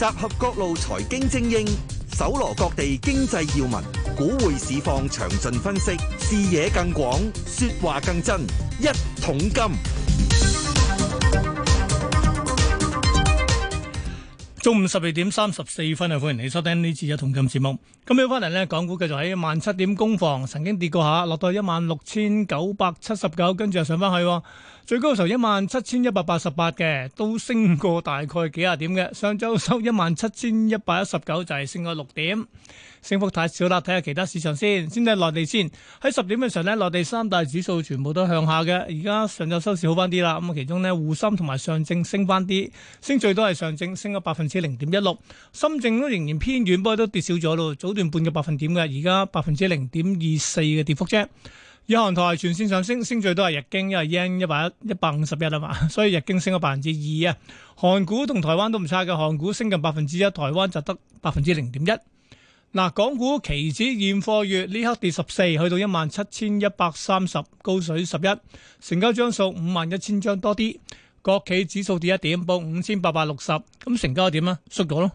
集合各路財經精英，搜羅各地經濟要聞，股匯市況詳盡分析，視野更廣，說話更真。一桶金，中午十二點三十四分啊！歡迎你收聽呢次一桶金節目。今日翻嚟呢，港股繼續喺一萬七點攻防，曾經跌過下，落到一萬六千九百七十九，跟住又上翻去。最高嘅時候一萬七千一百八十八嘅，都升過大概幾十點嘅。上週收一萬七千一百一十九，就係升過六點，升幅太少啦。睇下其他市場先，先睇內地先。喺十點嘅時候咧，內地三大指數全部都向下嘅。而家上週收市好翻啲啦，咁啊其中呢，滬深同埋上證升翻啲，升最多係上證升咗百分之零點一六，深證都仍然偏遠，不過都跌少咗咯，早段半個百分點嘅，而家百分之零點二四嘅跌幅啫。日韓台全線上升，升最多係日經，因為 yen 一百一一百五十一啊嘛，所以日經升咗百分之二啊。韓股同台灣都唔差㗎，韓股升近百分之一，台灣就得百分之零點一。嗱，港股期指現貨月呢刻跌十四，去到一萬七千一百三十，高水十一，成交張數五萬一千張多啲。國企指數跌一點，報五千八百六十，咁成交點啊？縮咗咯，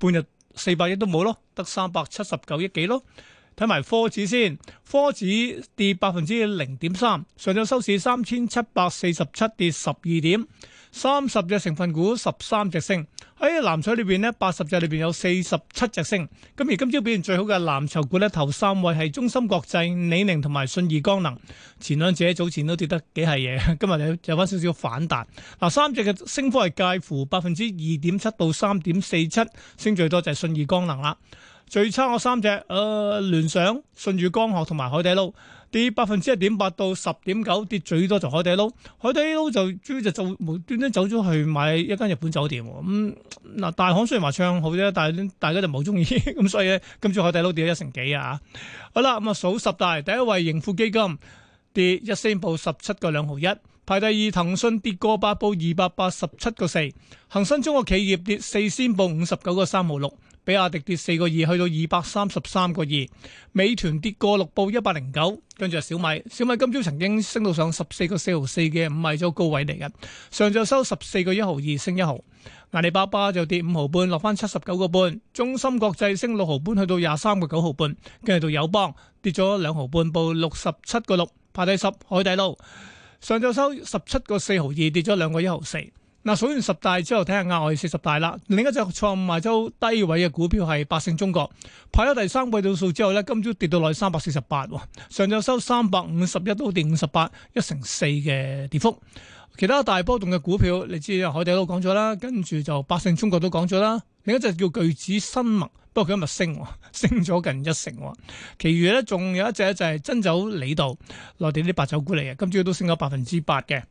半日四百億都冇咯，得三百七十九億幾咯。睇埋科指先，科指跌百分之零點三，上晝收市三千七百四十七跌十二點，三十隻成分股十三隻升。喺、哎、藍籌裏邊呢，八十隻裏邊有四十七隻升。咁而今朝表現最好嘅藍籌股呢，頭三位係中芯國際、李寧同埋信義光能。前兩者早前都跌得幾係嘢，今日有有返少少反彈。嗱，三隻嘅升幅係介乎百分之二點七到三點四七，升最多就係信義光能啦。最差我三隻，誒、呃、聯想、舜宇光學同埋海底撈，跌百分之一點八到十點九，跌最多就海底撈。海底撈就主要就做無端端走咗去買一間日本酒店咁。嗱、嗯，大行雖然話唱好啫，但大家就冇中意，咁 所以咧，咁海底撈跌咗一成幾啊！好啦，咁、嗯、啊，數十大，第一位盈富基金跌一仙報十七個兩毫一，排第二騰訊跌過八報二百八十七個四，恒生中國企業跌四仙報五十九個三毫六。比亞迪跌四個二，去到二百三十三個二。美團跌過六，報一百零九。跟住係小米，小米今朝曾經升到上十四個四毫四嘅五米咗高位嚟嘅。上晝收十四個一毫二，升一毫。阿里巴巴就跌五毫半，落翻七十九個半。中芯國際升六毫半，去到廿三個九毫半。跟住到友邦跌咗兩毫半，報六十七個六，排第十。海底撈上晝收十七個四毫二，跌咗兩個一毫四。嗱，數完十大之後，睇下額外四十大啦。另一隻創賣周低位嘅股票係百勝中國，派咗第三季度數之後咧，今朝跌到落三百四十八，上晝收三百五十一，都跌五十八，一成四嘅跌幅。其他大波動嘅股票，你知海底都講咗啦，跟住就百勝中國都講咗啦。另一隻叫巨子生物，不過佢今日升，升咗近一成。其餘咧仲有一隻就係珍酒李渡，內地啲白酒股嚟嘅，今朝都升咗百分之八嘅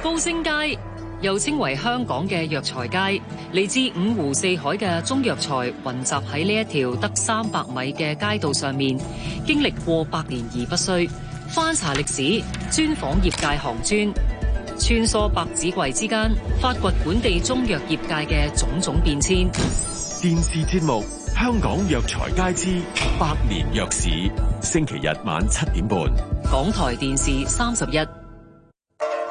高升街。又稱為香港嘅藥材街，嚟自五湖四海嘅中藥材混集喺呢一條得三百米嘅街道上面，經歷過百年而不衰。翻查歷史，專訪業界行專，穿梭百子櫃之間，發掘本地中藥業界嘅種種變遷。電視節目《香港藥材街之百年藥史》，星期日晚七點半，港台電視三十一。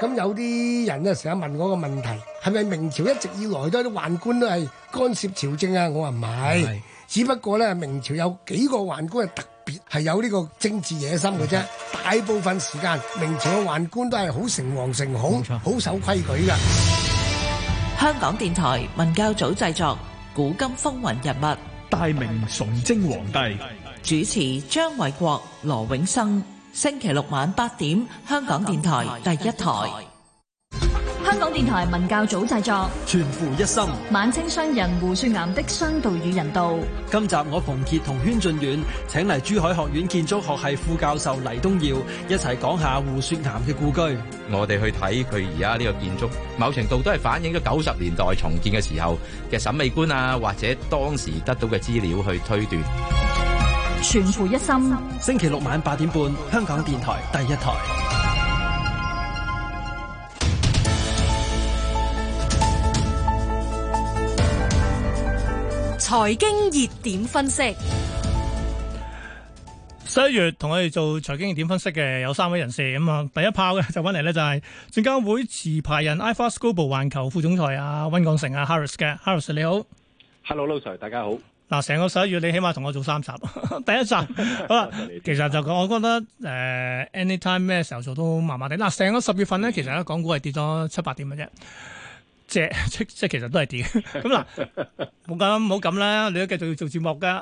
咁有啲人咧，成日問我個問題，係咪明朝一直以來都啲宦官都係干涉朝政啊？我話唔係，只不過咧，明朝有幾個宦官係特別係有呢個政治野心嘅啫，大部分時間明朝嘅宦官都係好誠惶誠恐、好守規矩㗎。香港電台文教組製作《古今風雲人物》，大明崇禎皇帝主持張偉國、羅永生。星期六晚八點，香港電台第一台。香港電台文教組製作。全乎一心。晚清商人胡雪岩的商道與人道。今集我馮杰同軒俊遠，請嚟珠海學院建築學系副教授黎東耀一齊講下胡雪岩嘅故居。我哋去睇佢而家呢個建築，某程度都係反映咗九十年代重建嘅時候嘅審美觀啊，或者當時得到嘅資料去推斷。全乎一心。星期六晚八點半，香港電台第一台財經熱點分析。十一月同我哋做財經熱點分析嘅有三位人士咁啊，第一炮嘅就翻嚟呢，就係證監會持牌人 iFAST Global 環球副總裁啊溫鋼城啊 Harris 嘅 Harris 你好，Hello Lo Sir，大家好。嗱，成個十一月你起碼同我做三集，第一集。好啦， 其實就講我覺得誒、呃、，anytime 咩時候做都麻麻地。嗱，成個十月份咧，其實咧，港股係跌咗七八點嘅啫，即即，即其實都係跌。咁 嗱，冇咁，冇咁啦，你都繼續要做節目噶。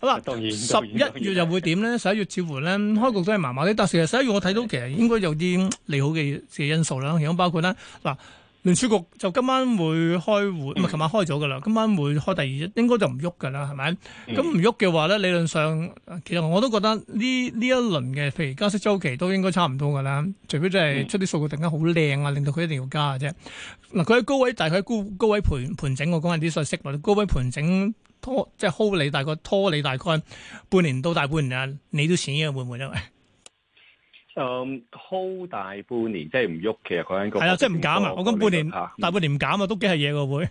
好啦，十一月又會點咧？十一月似乎咧 開局都係麻麻地，但係十一月我睇到其實應該有啲利好嘅嘅因素啦。咁包括呢。嗱。聯儲局就今晚會開會，唔係琴晚開咗噶啦，今晚會開第二日，應該就唔喐噶啦，係咪？咁唔喐嘅話咧，理論上其實我都覺得呢呢一輪嘅譬如加息周期都應該差唔多噶啦，除非真係出啲數據突然間好靚啊，令到佢一定要加嘅啫。嗱、啊，佢喺高位，大概喺高高位盤盤整，我講緊啲信息或者高位盤整拖，即係 hold 你大概拖你，大概，拖你大概半年到大半年啊，你都錢嘅，換唔換咧？嗯，hold 大半年，即係唔喐，其實佢間公司係啦，即係唔減啊！我講半年，大半年唔減啊，都幾係嘢個會。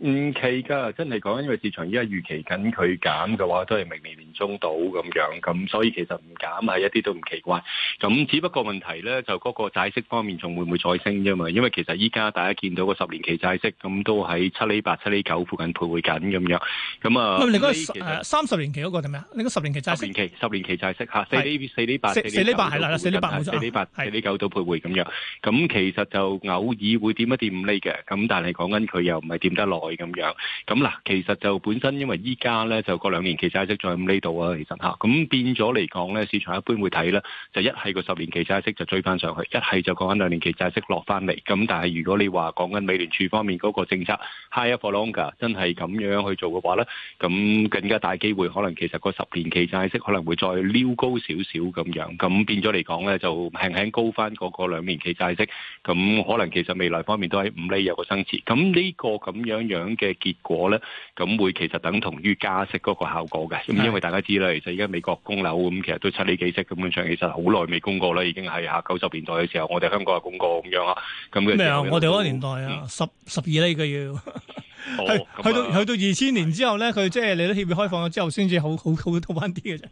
唔奇㗎，真係講，因為市場依家預期緊佢減嘅話，都係明年年中到咁樣，咁所以其實唔減係一啲都唔奇怪。咁只不過問題咧，就嗰個債息方面仲會唔會再升啫嘛？因為其實依家大家見到個十年期債息咁都喺七厘八、七厘九附近徘徊緊咁樣。咁啊，你嗰個誒三十年期嗰個係咩啊？你嗰十年期債息？十年期十年期債息嚇，四厘四厘八，四四厘八係啦，四厘八冇錯，四厘八四厘九都徘徊咁樣。咁其實就偶爾會點一點五厘嘅，咁但係講緊佢又唔係點得落。係咁樣，咁嗱，其實就本身因為依家咧，就個兩年期債息在五厘度啊，其實吓，咁變咗嚟講咧，市場一般會睇咧，就一係個十年期債息就追翻上去，一係就講緊兩年期債息落翻嚟。咁但係如果你話講緊美聯儲方面嗰個政策 higher for longer，真係咁樣去做嘅話咧，咁更加大機會可能其實個十年期債息可能會再撩高少少咁樣，咁變咗嚟講咧就輕輕高翻個個兩年期債息，咁可能其實未來方面都喺五厘有個增持。咁呢個咁樣樣樣嘅結果咧，咁會其實等同於加息嗰個效果嘅，咁因為大家知啦，其實依家美國供樓咁，其實都七厘幾息基本上，其實好耐未供過啦，已經係吓九十年代嘅時候，我哋香港又供過咁樣啦，咁咩啊？我哋嗰個年代啊，嗯、十十二厘嘅要。 哦、 去、啊、去到去到二千年之後咧，佢即係你都全面開放咗之後，先 至好好好倒翻啲嘅啫。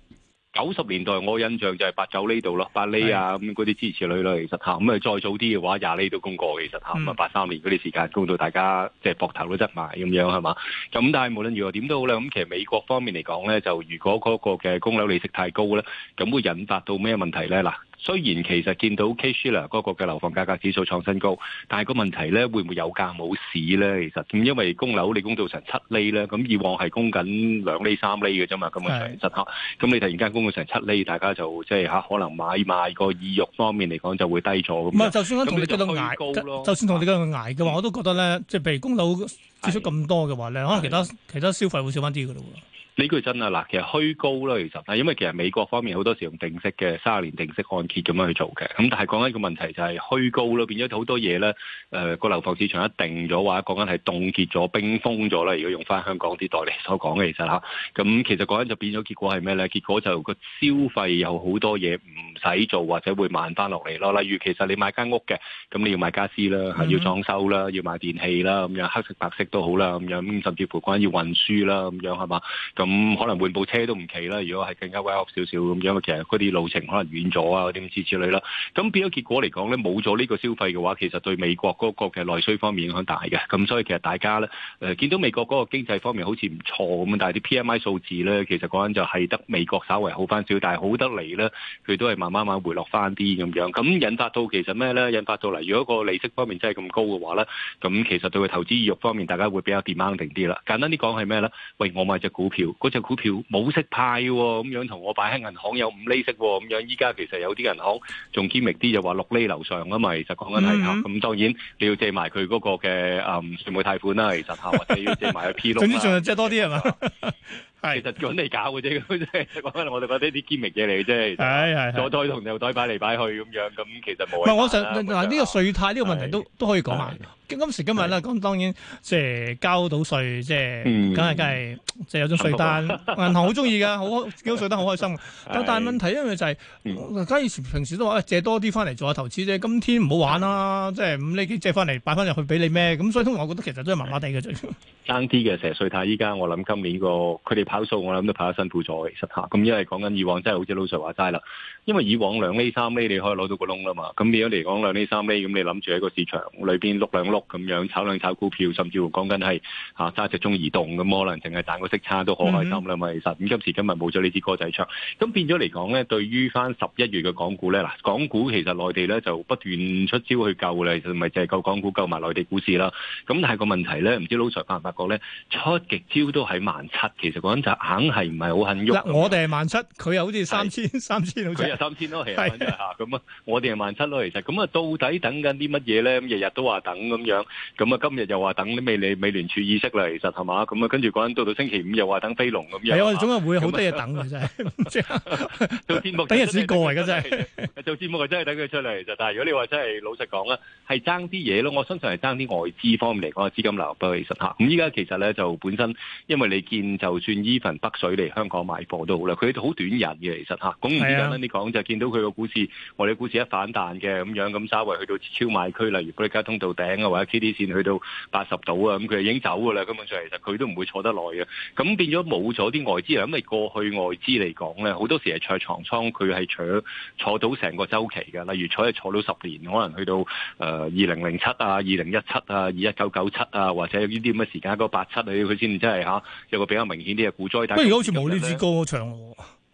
九十年代我印象就係八九呢度咯，八厘啊咁嗰啲支持女咯，其實嚇咁啊再早啲嘅話廿厘都供過嘅，其實嚇咁啊八三年嗰啲時間供到大家即係膊頭都執埋咁樣係嘛，咁但係無論如何點都好咧，咁其實美國方面嚟講咧，就如果嗰個嘅供樓利息太高咧，咁會引發到咩問題咧嗱？雖然其實見到 Case-Shiller 嗰個嘅樓房價格指數創新高，但係個問題咧會唔會有價冇市咧？其實咁因為供樓你供到成七厘咧，咁以往係供緊兩厘三厘嘅啫嘛，咁啊突然咁你突然間供到成七厘，大家就即係嚇可能買賣個意欲方面嚟講就會低咗咁。就算同你繼續捱就高咯，就算同你繼續捱嘅話，我都覺得咧，即係譬如供樓支出咁多嘅話咧，你可能其他其他消費會少翻啲嘅咯喎。呢句真係嗱，其實虛高啦，其實因為其實美國方面好多時用定息嘅三十年定息按揭咁樣去做嘅，咁但係講緊一個問題就係虛高咯，變咗好多嘢咧。個、呃、樓房市場一定咗話，講緊係凍結咗、冰封咗啦。如果用翻香港啲代理所講嘅，其實吓咁其實講緊就變咗結果係咩咧？結果就個消費有好多嘢唔使做，或者會慢翻落嚟咯。例如其實你買間屋嘅，咁你要買家私啦，mm-hmm. 要裝修啦，要買電器啦，咁樣黑色白色都好啦，咁樣甚至乎關於運輸啦，咁樣係嘛？咁咁、嗯、可能換部車都唔企啦。如果係更加威嚇少少咁樣，其實嗰啲路程可能遠咗啊，啲咁之類啦。咁變咗結果嚟講咧，冇咗呢個消費嘅話，其實對美國嗰個嘅內需方面影響大嘅。咁所以其實大家咧，誒見到美國嗰個經濟方面好似唔錯咁，但係啲 PMI 數字咧，其實講緊就係得美國稍為好翻少，但係好得嚟咧，佢都係慢慢慢回落翻啲咁樣。咁引發到其實咩咧？引發到嚟，如果個利息方面真係咁高嘅話咧，咁其實對佢投資意欲方面，大家會比較 demand 定啲啦。簡單啲講係咩咧？喂，我買隻股票。嗰隻股票冇息派喎，咁樣同我擺喺銀行有五厘息喎，咁樣依家其實有啲銀行仲堅密啲，就話六厘樓上啊嘛，其實講緊係。咁當然你要借埋佢嗰個嘅誒信貸款啦，其實下或者要借埋啲 P 六啦。總之，仲要借多啲係嘛。啊 係，其實準嚟搞嘅啫， 我哋覺得一啲堅明嘢嚟嘅啫。係係左袋同右袋擺嚟擺去咁樣，咁其實冇。唔我想嗱呢個稅太呢個問題都都可以講下。今時今日咧，咁當然即係交到稅，即係梗係梗係即係有張稅單。銀行好中意噶，好交稅得好開心。但係問題因為就係、是，假、嗯、如平時都話借多啲翻嚟做下投資啫，今天唔好玩啦，即係你借翻嚟擺翻入去俾你咩？咁所以通常我覺得其實都係麻麻地嘅最。增啲嘅成日稅太，依家我諗今年、這個佢哋。跑數我諗都跑得辛苦咗，其實嚇。咁因為講緊以往真係好似老實話齋啦，因為以往兩厘三厘你可以攞到個窿啦嘛。咁變咗嚟講兩厘三厘咁你諗住喺個市場裏邊碌兩碌咁樣炒兩炒股票，甚至乎講緊係嚇揸隻中移動咁，可能淨係賺個息差都好開心啦嘛。Mm-hmm. 其實，咁今時今日冇咗呢支歌仔唱，咁變咗嚟講咧，對於翻十一月嘅港股咧，嗱，港股其實內地咧就不斷出招去救啦，其實咪淨係救港股，救埋內地股市啦。咁但係個問題咧，唔知老實發唔發覺咧，出極招都係萬七，其實咁就硬係唔係好肯喐。嗱，我哋係萬七，佢又好似三千三千好似。佢係三千咯，其實咁啊，我哋係萬七咯，其實。咁啊，到底等緊啲乜嘢咧？咁日日都話等咁樣，咁啊，今日又話等啲美美聯儲意識啦，其實係嘛？咁啊，跟住講到到星期五又話等飛龍咁樣。係啊，總係會好多嘢等嘅真係。做節目等日子過嚟嘅真係。做節目啊，真係等佢出嚟。其實，但係如果你話真係老實講啦，係爭啲嘢咯。我相信係爭啲外資方面嚟講嘅資金流入，不過其實嚇。咁依家其實咧就本身，因為你見就算。依份北水嚟香港買貨都好啦，佢哋好短人嘅其實嚇，咁簡單啲講就係見到佢個股市，我哋股市一反彈嘅咁樣咁，稍微去到超買區，例如佢而家通道頂啊，或者 K D 線去到八十度啊，咁佢已經走㗎啦。根本上其實佢都唔會坐得耐嘅，咁變咗冇咗啲外資嚟，咁你過去外資嚟講咧，好多時係坐長倉，佢係坐坐到成個周期嘅。例如坐係坐到十年，可能去到誒二零零七啊、二零一七啊、二一九九七啊，或者呢啲咁嘅時間嗰八七啊，佢先真係嚇有個比較明顯啲嘅。不如好似冇呢支歌唱。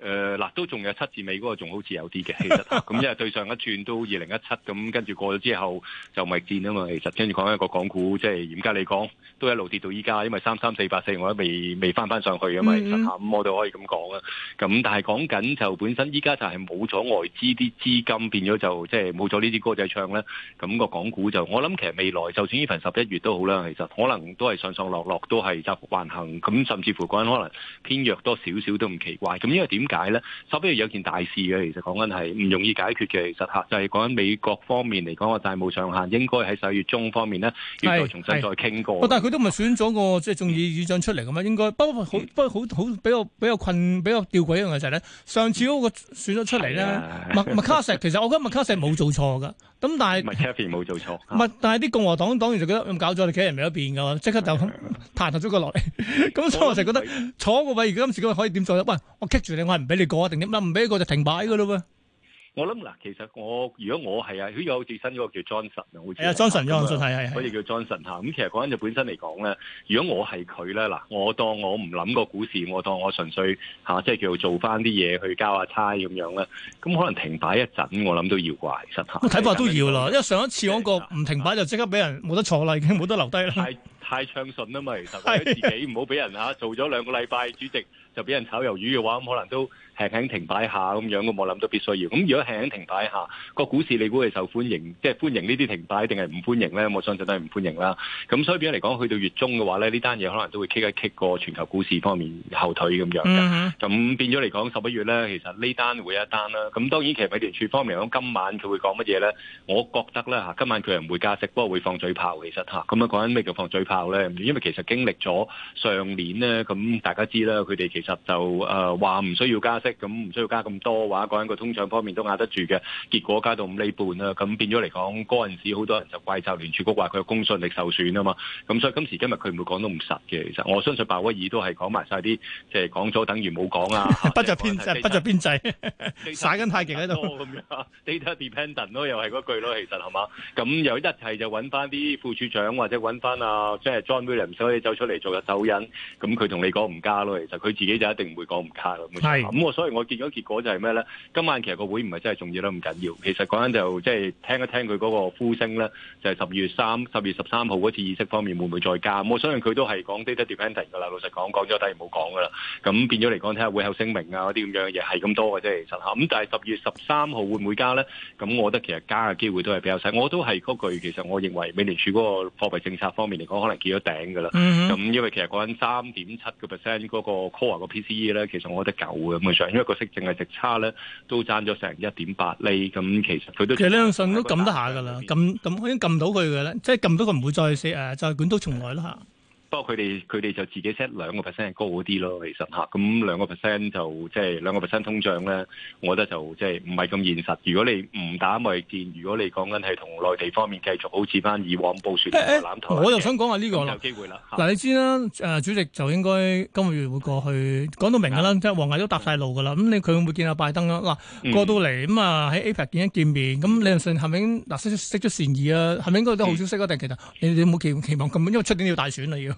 誒嗱，都仲有七字尾嗰個，仲好似有啲嘅，其實咁因為對上一轉都二零一七，咁跟住過咗之後就咪跌啊嘛，其實跟住講緊一個港股，即係嚴格嚟講，都一路跌到依家，因為三三四八四我都未未翻翻上去啊嘛，其實嚇，咁我都可以咁講啊。咁但係講緊就本身依家就係冇咗外資啲資金，變咗就即係冇咗呢支歌仔唱咧。咁個港股就我諗其實未來就算依份十一月都好啦，其實可能都係上上落落都係習慣行，咁甚至乎講緊可能偏弱多少少都唔奇怪。咁因為點？解咧，稍不如有件大事嘅，其實講緊係唔容易解決嘅，其實吓就係講緊美國方面嚟講個債務上限應該喺十月中方面咧，要再重新再傾過。但係佢都唔係選咗個即係眾議院議長出嚟嘅咩？應該不過好不過好好，好比較比較困比較吊詭一樣嘅就係、是、咧，上次嗰個選咗出嚟咧、啊，麥卡錫 其實我覺得麥卡錫冇做錯嘅，咁但係麥卡錫冇做錯，啊、但係啲共和黨黨員就覺得咁搞咗你企喺人哋一邊嘅，即刻就彈咗個落嚟，咁、嗯、 所以我就覺得坐個位而家今時可以點做喂，我棘住你我。俾你過啊，定點啦，唔俾你過就停擺噶咯喎。我諗嗱，其實我如果我係啊，佢有最新嗰個叫 Johnson 啊，係啊，Johnson，Johnson 係啊，所以叫 Johnson 吓。咁其實講緊就本身嚟講咧，如果我係佢咧，嗱，我當我唔諗個股市，我當我純粹吓，即係叫做做翻啲嘢去交下差咁樣咧，咁可能停擺一陣，我諗都要啩，實吓。睇法，都要啦，因為上一次嗰個唔停擺就即刻俾人冇得坐啦，已經冇得留低啦。太暢順啊嘛，其實為自己唔好俾人吓、啊。做咗兩個禮拜主席就俾人炒魷魚嘅話，咁、嗯、可能都輕輕停擺下咁樣，我冇諗到都必須要。咁、嗯、如果輕輕停擺下、個股市，你估係受歡迎，即、就、係、是、歡、歡迎呢啲停擺，定係唔歡迎咧？我相信都係唔歡迎啦。咁所以變咗嚟講，去到月中嘅話咧，呢單嘢可能都會棘一棘過全球股市方面後腿咁樣咁、mm-hmm. 變咗嚟講，十一月咧，其實呢單會有一單啦。咁當然其實美聯儲方面講今晚佢會講乜嘢咧？我覺得咧嚇，今晚佢唔會加息，不過會放嘴炮。其實吓，咁樣講緊咩叫放嘴炮？因為其實經歷咗上年咧，咁大家知啦，佢哋其實就誒話唔需要加息，咁唔需要加咁多話，講緊個通脹方面都壓得住嘅，結果加到五厘半啦，咁變咗嚟講，嗰陣時好多人就怪責聯儲局話佢嘅公信力受損啊嘛，咁所以今時今日佢唔會講到咁實嘅，其實我相信鮑威爾都係講埋晒啲，即係講咗等於冇講啊，不着邊際不着邊際，耍緊太極喺度咁樣，data dependent 咯，又係嗰句咯，其實係嘛，咁又一係就揾翻啲副處長或者揾翻啊。即係 John Williams 可以走出嚟做個走人，咁佢同你講唔加咯，其實佢自己就一定唔會講唔加咯，冇錯。咁我所以我見咗結果就係咩咧？今晚其實個會唔係真係重要得咁緊要，其實講緊就即係聽一聽佢嗰個呼聲咧，就係十二月三、十二月十三號嗰次議息方面會唔會再加？咁我相信佢都係講 data dependent 㗎啦。老實講，講咗等於冇講㗎啦。咁變咗嚟講，睇下會後聲明啊嗰啲咁樣嘅嘢係咁多嘅啫，其實嚇。咁但係十二月十三號會唔會加咧？咁我覺得其實加嘅機會都係比較細。我都係嗰句，其實我認為美聯儲嗰個貨幣政策方面嚟講，可能。建咗頂噶啦，咁因為其實講緊三點七個 percent 嗰個 core 個 P C E 咧，其實我覺得夠嘅咁嘅上，因為個息淨係直差咧都爭咗成一點八厘，咁其實佢都其實呢樣信都撳得下噶啦，撳撳已經撳到佢嘅咧，即係撳到佢唔會再死誒，就係捲土重來咯吓。不過佢哋佢哋就自己 set 兩個 percent 高啲咯，其實吓，咁兩個 percent 就即係兩個 percent 通脹咧，我覺得就即係唔係咁現實。如果你唔打埋見，如果你講緊係同內地方面繼續好似翻以往報雪嘅藍圖，我就想講下呢個啦。咁有機會啦。嗱、啊，你知啦，誒、呃、主席就應該今月會過去講到明噶啦，即係王毅都搭晒路噶啦。咁你佢會唔會見下拜登啊？嗱，過到嚟咁啊喺 APEC 見一見面，咁你又信係咪嗱釋釋出善意啊？係咪應該都好消息啊？定其實你你冇期期望咁，因為出年要大選啦要。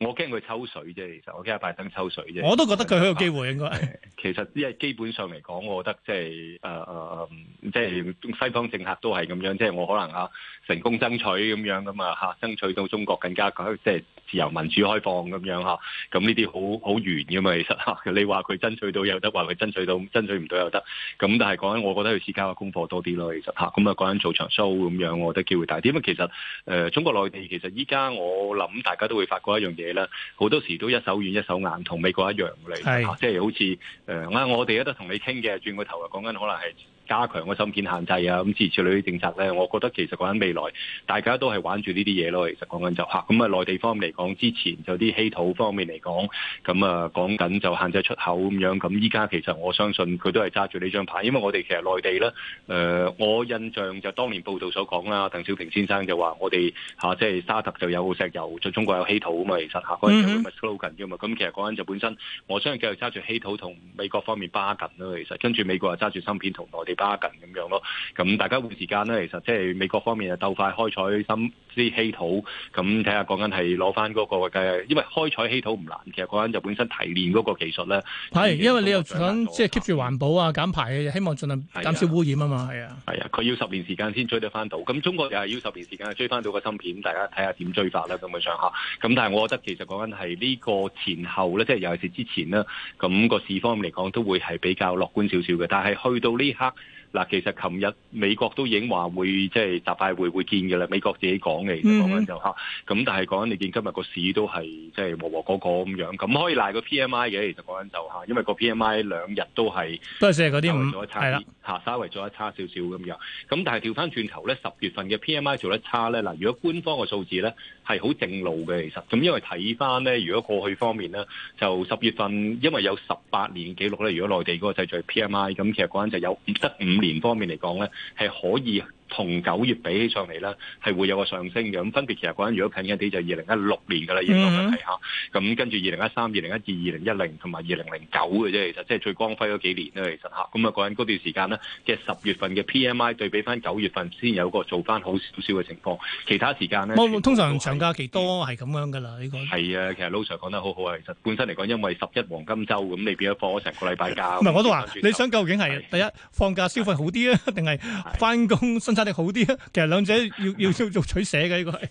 我驚佢抽水啫，其實我驚阿拜登抽水啫。我都覺得佢有機會，應該。其實，因為基本上嚟講，我覺得即係誒誒，即、呃、係、就是、西方政客都係咁樣，即、就、係、是、我可能嚇成功爭取咁樣咁啊嚇，爭取到中國更加即係、就是、自由民主開放咁樣嚇。咁呢啲好好遠噶嘛，其實你話佢爭取到又得，話佢爭取到爭取唔到又得。咁但係講緊，我覺得佢私家嘅功課多啲咯，其實嚇。咁啊，講緊做場 show 咁樣，我覺得機會大啲。咁啊，其實誒、呃，中國內地其實依家我諗大家都會發覺一樣嘢。啦，好多時都一手軟一手硬，同美國一樣嚟，即係、就是、好似誒，啱、呃、我哋都同你傾嘅，轉過頭又講緊，可能係。加強個芯片限制啊，咁諸如此類啲政策咧，我覺得其實講緊未來，大家都係玩住呢啲嘢咯。其實講緊就吓咁啊內地方嚟講，之前就啲稀土方面嚟講，咁啊講緊就限制出口咁樣。咁依家其實我相信佢都係揸住呢張牌，因為我哋其實內地咧，誒、呃、我印象就當年報道所講啦，鄧小平先生就話我哋吓即係沙特就有石油，中國有稀土啊嘛。其實吓嗰陣時咪 slogan 嘅嘛。咁其實講緊就本身，我相信繼續揸住稀土同美國方面巴緊咯。其實跟住美國又揸住芯片同內地。咁樣咯，咁大家換時間咧，其實即係美國方面啊，鬥快開採新啲稀土，咁睇下講緊係攞翻嗰個嘅，因為開採稀土唔難，其實講緊就本身提煉嗰個技術咧。係，因為你又想即係 keep 住環保啊，減排，希望盡量減少污染啊嘛，係啊。係啊，佢要十年時間先追得翻到，咁中國又係要十年時間去追翻到個芯片，大家睇下點追法啦咁樣上下。咁但係我覺得其實講緊係呢個前後咧，即係尤其是之前啦，咁、那個市況嚟講都會係比較樂觀少少嘅，但係去到呢刻。嗱，其實琴日美國都已經話會即係特派會會見嘅啦，美國自己講嘅，講緊就吓，咁、嗯嗯、但係講緊你見今日個市都係即係和和嗰個咁樣，咁可以賴個 P M I 嘅，其實講緊就吓，因為個 P M I 兩日都係都係四嗰啲咁，係啦。對下稍微做得差少少咁樣，咁但係調翻轉頭咧，十月份嘅 PMI 做得差咧，嗱，如果官方嘅數字咧係好正路嘅，其實，咁因為睇翻咧，如果過去方面咧，就十月份因為有十八年記錄咧，如果內地嗰個製造 PMI，咁其實講就有得五年方面嚟講咧，係可以。同九月比起上嚟咧，係會有個上升嘅。咁分別其實講緊，如果近嘅啲就二零一六年噶啦，應該問題嚇。咁跟住二零一三、二零一二、二零一零同埋二零零九嘅啫。其實即係最光輝嗰幾年啦。其實嚇咁啊，講緊嗰段時間咧，即係十月份嘅 PMI 對比翻九月份先有個做翻好少少嘅情況。其他時間咧，通常長假期多係咁樣噶啦。呢個係啊，其實老 Sir 講得好好啊。其實本身嚟講，因為十一黃金週咁，你變咗放咗成個禮拜假。唔係，我都話你想究竟係第一放假消費好啲啊，定係翻工生產？好啲啊！其實兩者要要，做要取捨嘅呢個係，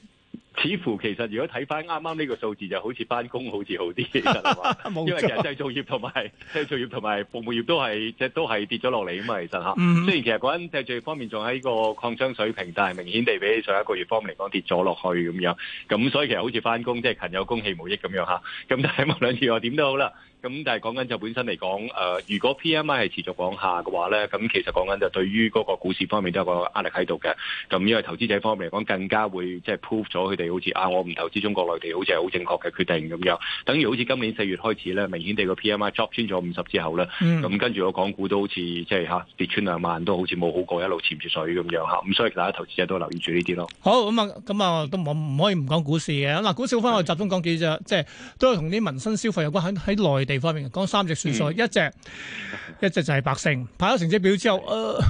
似乎其實如果睇翻啱啱呢個數字，就好似翻工好似好啲， 因為其實製造業同埋製造業同埋服務業都係即係都係跌咗落嚟啊嘛！其實吓、嗯，雖然其實嗰陣製造業方面仲喺個擴張水平，但係明顯地比上一個月方面嚟講跌咗落去咁樣，咁所以其實好似翻工即係勤有功，嬉無益咁樣吓，咁但係冇兩次話點都好啦。咁但係講緊就本身嚟講，誒，如果 P M I 係持續往下嘅話咧，咁其實講緊就對於嗰個股市方面都有個壓力喺度嘅。咁因為投資者方面嚟講，更加會即係 prove 咗佢哋好似啊，我唔投資中國內地，好似係好正確嘅決定咁樣。等於好似今年四月開始咧，明顯地個 P M I drop 穿咗五十之後咧，咁、嗯、跟住個港股都好似即係跌穿兩萬，都好似冇好過一路潛住水咁樣。咁所以大家投資者都留意住呢啲咯。好，咁啊，咁啊，都唔可以唔講股市嘅。嗱，股市方面我集中講幾隻，即係都係同啲民生消費有關喺喺內地。地方面講，三隻算數。嗯，一隻一隻就係百勝，排咗成績表之後，誒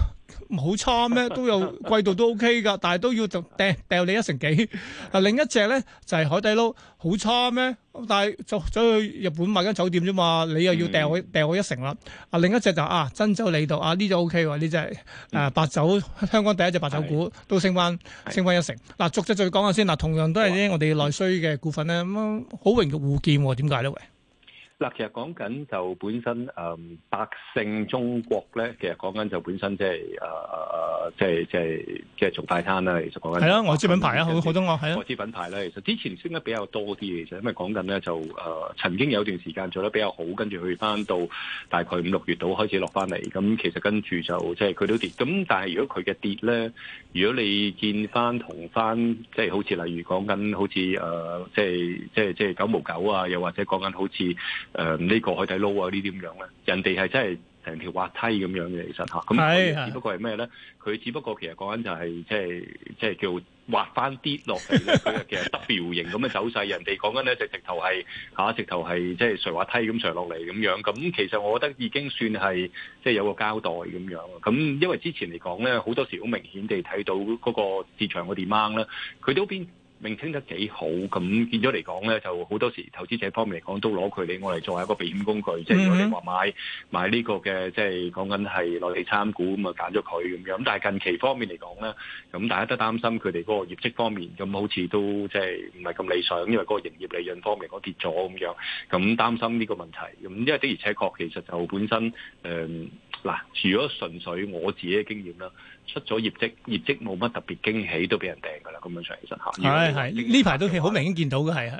好、呃、差咩？都有季 度都 O K 㗎，但係都要就掟掉你一成幾。啊，另一隻咧就係、是、海底撈，好差咩？但係就走去日本買間酒店啫嘛，你又要掟我掉我一成啦。啊，另一隻就啊，珍酒李渡啊，呢隻 O K 喎，呢隻誒白酒香港第一隻白酒股都升翻升翻一成。嗱、啊，逐隻再講下先。嗱，同樣都係啲我哋內需嘅股份咧，咁好、嗯、榮互見點解咧？喂？嗱，其實講緊就本身誒、嗯、百姓中國咧，其實講緊就本身即係誒即係即係即係做快餐啦。其實講緊係啊，外資品牌啊，好多、啊、我係外資品牌啦。其實之前升得比較多啲，其實因為講緊咧就誒、呃、曾經有一段時間做得比較好，跟住去翻到大概五六月度開始落翻嚟，咁其實跟住就即係佢都跌。咁但係如果佢嘅跌咧，如果你見翻同翻即係好似例如講緊好似誒，即係即係即係九毛九啊，又或者講緊好似。誒、嗯、呢、這個海底撈啊，呢啲咁樣咧？人哋係真係成條滑梯咁樣嘅，其實吓，咁佢只不過係咩咧？佢只不過其實講緊就係即係即係叫滑翻跌落嚟咧。佢 其實 W 型咁嘅走勢，人哋講緊咧就直頭係嚇，直頭係即係垂滑梯咁上落嚟咁樣。咁其實我覺得已經算係即係有個交代咁樣。咁因為之前嚟講咧，好多時好明顯地睇到嗰個市場嘅 demand 啦，佢都變。名稱得幾好，咁見咗嚟講咧，就好多時投資者方面嚟講都攞佢嚟我哋作為一個避險工具。即係如果你話買買呢個嘅，即係講緊係內地參股咁啊，揀咗佢咁樣。咁但係近期方面嚟講咧，咁大家都擔心佢哋嗰個業績方面，咁好似都即係唔係咁理想，因為嗰個營業利潤方面嗰跌咗咁樣，咁擔心呢個問題。咁因為的而且確，其實就本身誒嗱，如果純粹我自己嘅經驗啦。出咗業績，業績冇乜特別驚喜都俾人掟㗎啦，咁樣上其實嚇。係係，呢排都好明顯見到嘅係。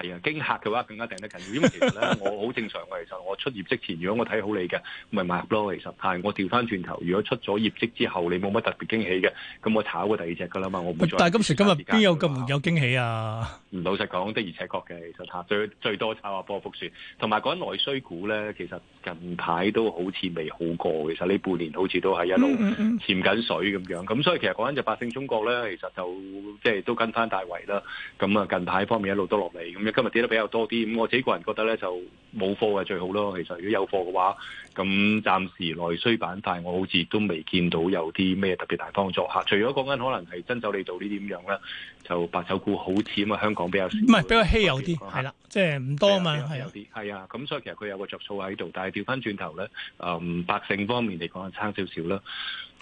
係啊，驚嚇嘅話更加訂得緊要，因為其實咧， 我好正常嘅。其實我出業績前，如果我睇好你嘅，咪買咯。其實但係我調翻轉頭，如果出咗業績之後，你冇乜特別驚喜嘅，咁我炒過第二隻噶啦嘛，我唔再。但係今時今日邊有咁有驚喜啊？唔老實講，的而且確嘅，其實最最多炒下波幅算，同埋講緊內需股咧，其實近排都好似未好過。其實呢半年好似都係一路潛緊水咁、嗯嗯嗯、樣。咁所以其實講緊就百姓中國咧，其實就即係都跟翻大圍啦。咁啊近排方面一路都落嚟咁樣。今日跌得比較多啲，咁我自己個人覺得咧就冇貨嘅最好咯。其實如果有貨嘅話，咁暫時內需板塊，我好似都未見到有啲咩特別大幫助嚇。除咗講緊可能係真手你做呢啲咁樣咧，就白酒股好淺啊，香港比較少，唔係比較稀有啲，係啦，即係唔多嘛，係有啲，係啊。咁所以其實佢有個着數喺度，但係掉返轉頭咧，嗯，百姓方面嚟講係差少少啦。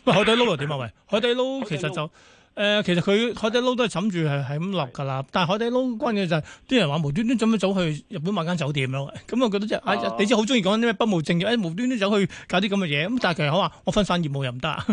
海底撈又點啊？喂，海底撈其實就～誒、呃，其實佢海底撈都係諗住係係咁落㗎啦，是的但係海底撈關鍵就係、是、啲人話無端端咁樣走去日本買間酒店咯，咁我覺得即係啊，你知好中意講啲咩不務正業，誒無端端走去搞啲咁嘅嘢，咁但係其實我話我分散業務又唔得啊。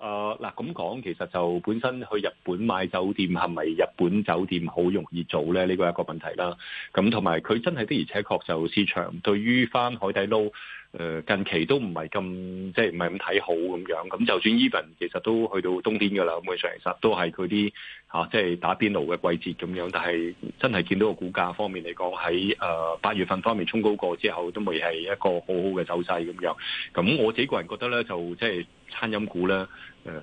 誒嗱，咁講其實就本身去日本買酒店，係咪日本酒店好容易做咧？呢、呢個係一個問題啦。咁同埋佢真係的而且確就市場對於翻海底撈。誒近期都唔係咁，即係唔係咁睇好咁樣。咁就算 even 其實都去到冬天㗎啦，咁佢常實都係佢啲吓即係打邊爐嘅季節咁樣。但係真係見到個股價方面嚟講，喺誒八月份方面衝高過之後，都未係一個好好嘅走勢咁樣。咁我自己個人覺得咧，就即係、就是、餐飲股咧。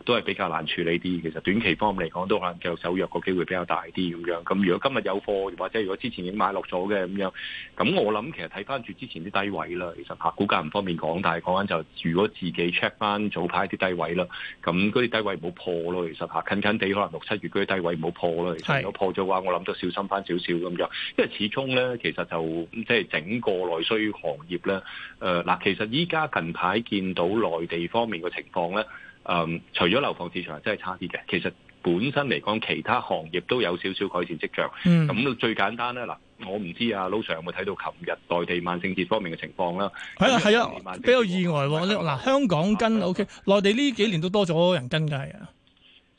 都係比較難處理啲，其實短期方面嚟講，都可能繼續走弱個機會比較大啲咁樣。咁如果今日有貨，或者如果之前已經買落咗嘅咁樣，咁我諗其實睇翻住之前啲低位啦，其實下股價唔方便講，但係講緊就，如果自己 check 翻早排啲低位啦，咁嗰啲低位唔好破咯，其實近近地可能六七月嗰啲低位唔好破咯，其實，如果破咗嘅話，我諗都小心翻少少咁樣，因為始終咧，其實就即係整個內需行業咧，嗱、呃，其實依家近排見到內地方面嘅情況咧。誒、嗯，除咗樓房市場係真係差啲嘅，其實本身嚟講，其他行業都有少少改善跡象。咁、嗯、最簡單咧，嗱，我唔知盧老師有冇睇到琴日內地萬聖節方面嘅情況啦？係啊，係啊，比較意外喎。嗱、啊啊，香港跟、啊、OK，內地呢幾年都多咗人跟嘅。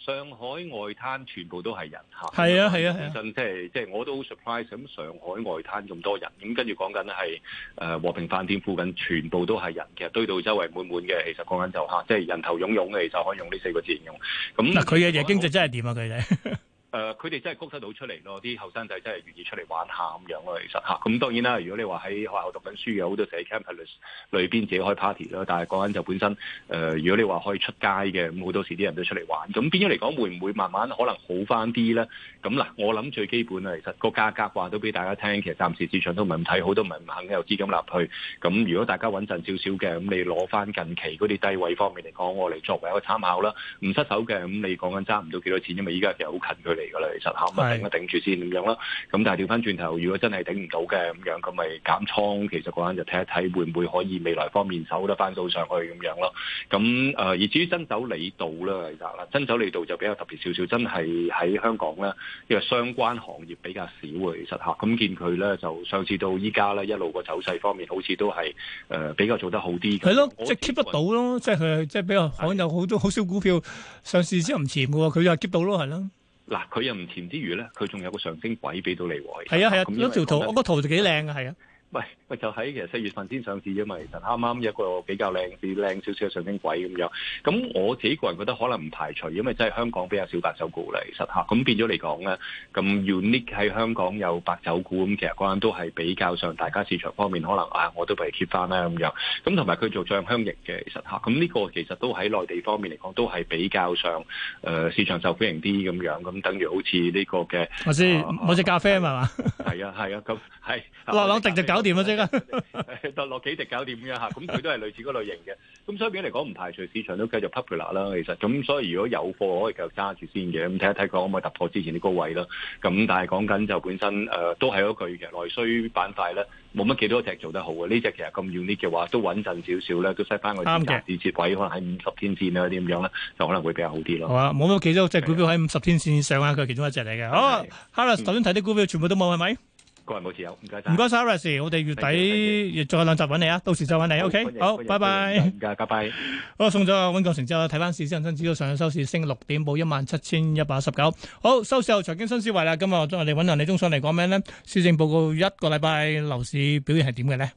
上海外灘全部都係人嚇，係啊，係啊，真即係即係我都好 surprise，咁上海外灘咁多人，咁跟住講緊係誒和平飯店附近全部都係人，其實堆到周圍滿滿嘅，其實講緊就吓，即係人頭湧湧嘅，其實可以用呢四個字形容。咁、嗯、嗱，佢嘅經濟真係掂啊佢哋？ 誒、呃，佢哋真係谷得到出嚟咯，啲後生仔真係願意出嚟玩下咁樣咯，其實嚇。咁當然啦，如果你話喺學校讀緊書嘅，好多時 campus 裏邊自己開 party 啦。但係講緊就本身誒、呃，如果你話可以出街嘅，咁好多時啲人都出嚟玩。咁變咗嚟講，會唔會慢慢可能好翻啲咧？咁嗱，我諗最基本啊，其實個價格話都俾大家聽，其實暫時市場都唔係咁睇，好多唔係唔肯有資金入去。咁如果大家穩陣少少嘅，咁你攞翻近期嗰啲低位方面嚟講，我嚟作為一個參考啦，唔失手嘅，咁你講緊爭唔到幾多錢，因為依家其實好近距離。其實吓，咪頂住先咁樣啦。咁但係調翻轉頭，如果真係頂唔到嘅，咁樣，咁咪減倉。其實嗰陣就睇一睇會唔會可以未來方面守得翻到上去咁樣咯。咁誒，而至於新手理道咧，其實啦，新手理道就比較特別少少。真係喺香港咧，因為相關行業比較少嘅。其實吓，咁見佢咧，就上次到依家咧，一路個走勢方面好，好似都係誒比較做得好啲。係咯，即係 keep 得到咯，即係即係比較可能有好多好少股票上市之後唔潛嘅，佢又 keep 到咯，係啦。嗱，佢又唔甜之餘咧，佢仲有個上升軌俾到你我嘅。係啊係啊，有、啊、條圖，我個圖就幾靚嘅，係啊。喂！就喺其實四月份先上市，因為其實啱啱一個比較靚啲、靚少少嘅上升軌咁樣。咁我自己個人覺得可能唔排除，因為真係香港比較少白酒股嚟，其實嚇。咁變咗嚟講咧，咁 unique 喺香港有白酒股咁，其實嗰陣都係比較上大家市場方面可能啊，我都嚟貼翻啦咁樣。咁同埋佢做醬香型嘅，其實嚇，咁呢個其實都喺內地方面嚟講都係比較上誒、呃、市場受歡迎啲咁樣。咁等於好似呢個嘅，我知，冇、啊、隻咖啡啊嘛，係啊係啊，咁係落兩滴就搞掂 啊、落幾滴搞掂嘅嚇，咁、啊、佢、嗯、都係類似嗰類型嘅。咁所以嚟講，唔排除市場都繼續 popular 啦。其實咁、啊，所以如果有貨，我可以繼續揸住先嘅。咁、嗯、睇一睇佢可唔可以突破之前啲高位啦。咁、啊、但係講緊就本身誒、呃，都係嗰句嘅，其實內需板塊咧，冇乜幾多隻做得好嘅。呢隻其實咁遠啲嘅話，都穩陣少少咧，都西翻個啱嘅。啲折位可能喺五十天線啊啲咁樣咧，就可能會比較好啲咯。好啊，冇乜幾多隻股票喺五十天線上下、啊，佢係其中一隻嚟嘅。好 Charles 頭先睇啲股票、嗯、全部都冇係咪？是個人冇持有，唔該曬，唔該曬，Rex，我哋月底再兩集揾你啊，到時再揾你，OK，好，拜拜，唔該，拜拜，好，送咗阿溫鋼城之後，睇翻市先，恒生指數上日收市升六點，報一萬七千一百一十九。好，收市後財經新思維啦，今日我哋揾李宗信嚟講咩咧？市政報告一個禮拜樓市表現係點嘅咧？